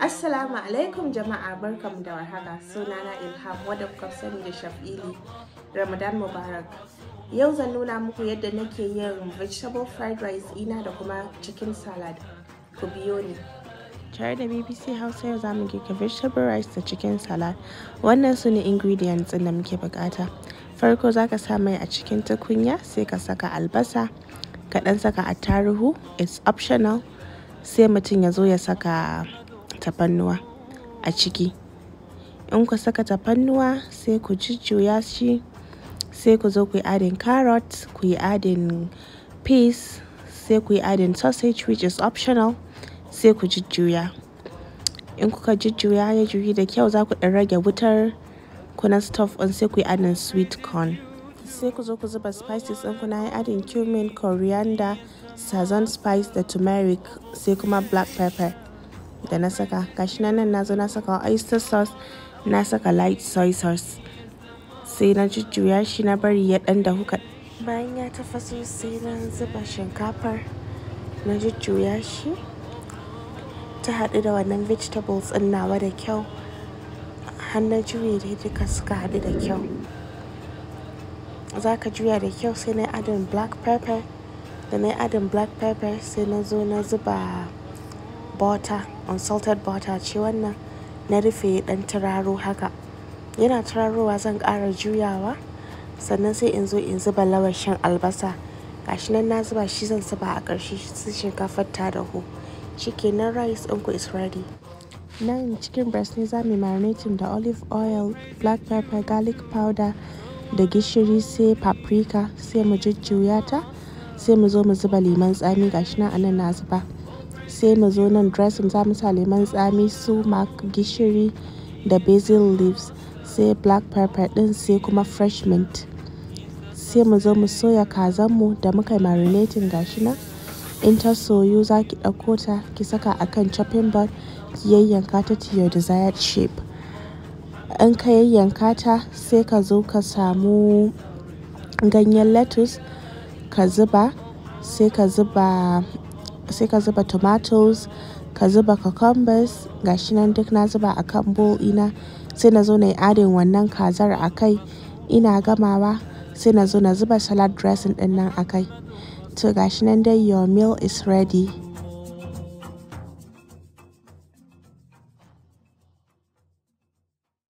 Assalamu alaikum jama'a barkamu da warhaka sunana Ilham wadda kuka sani da Shaf'ili Ramadan Mubarak. Yau zan nuna muku yadda nake yin vegetable fried rice ina da kuma chicken salad. Ku biyo ni. Tare da BBC Hausa yau zamu girka vegetable rice da chicken salad. Wannan su ne ingredients ɗin da muke bukata. Farko zaka sa mai a cikin tukunya sai ka saka albasa, ka ɗan saka attaruhu, it's optional. Sai mutum ya zo ya saka tafannuwa a ciki. In ku saka tafannuwa sai ku jujjuya shi sai ku zo ku yi adin carrot, ku yi adin peas, sai ku yi adin sausage which is optional sai ku jujjuya. In kuka jujjuya ya juyi da kyau za ku ɗan rage wutar kuna na on ɗin sai ku yi adin sweet corn. Sai ku zo ku zuba spices ɗin kuna yi adin cumin, coriander, sazon spice da turmeric sai kuma black pepper. da na saka gashi nan nan nazo na saka oyster sauce na saka light soy sauce sai na jujjuya shi na bari ya dan dahu ka bayan ya tafaso sai na zuba shinkafar na jujjuya shi ta haɗu da wannan vegetables ɗin nawa da kyau har na juye da duka suka haɗu da kyau za ka juya da kyau sai na adon black pepper da na adon black pepper sai na zo na zuba butter unsalted butter ce wannan na rufe dan turaro haka yana turarowa zan ƙara juyawa sannan sai in zo in zuba lawashin albasa gashi nan na zuba shi zan zuba a ƙarshe su shinkafar ta dahu shikenan rice ɗinku is ready nan cikin breast ne za mu marinating da olive oil black pepper garlic powder da gishiri sai paprika sai mu jujjuya ta sai mu zo mu zuba lemon tsami gashi nan anan na zuba sai mu zo nan dressing za mu sa lemon tsami mark gishiri da basil leaves sai black pepper din sai kuma fresh mint sai mu zo mu soya kazan mu da muka marinating gashi nan in ta soyu za ki ɗauko ta ki saka a kan chopping board ki yayyanka ta to your desired shape in ka yayyanka ta sai ka zo ka samu ganyen lettuce ka zuba sai ka zuba sai ka zuba tomatoes ka zuba cucumbers gashi nan duk na zuba a kan ina sai na zo na yi adin wannan kazar a kai ina gamawa sai na zo na zuba salad dressing din nan a kai to gashi nan dai your meal is ready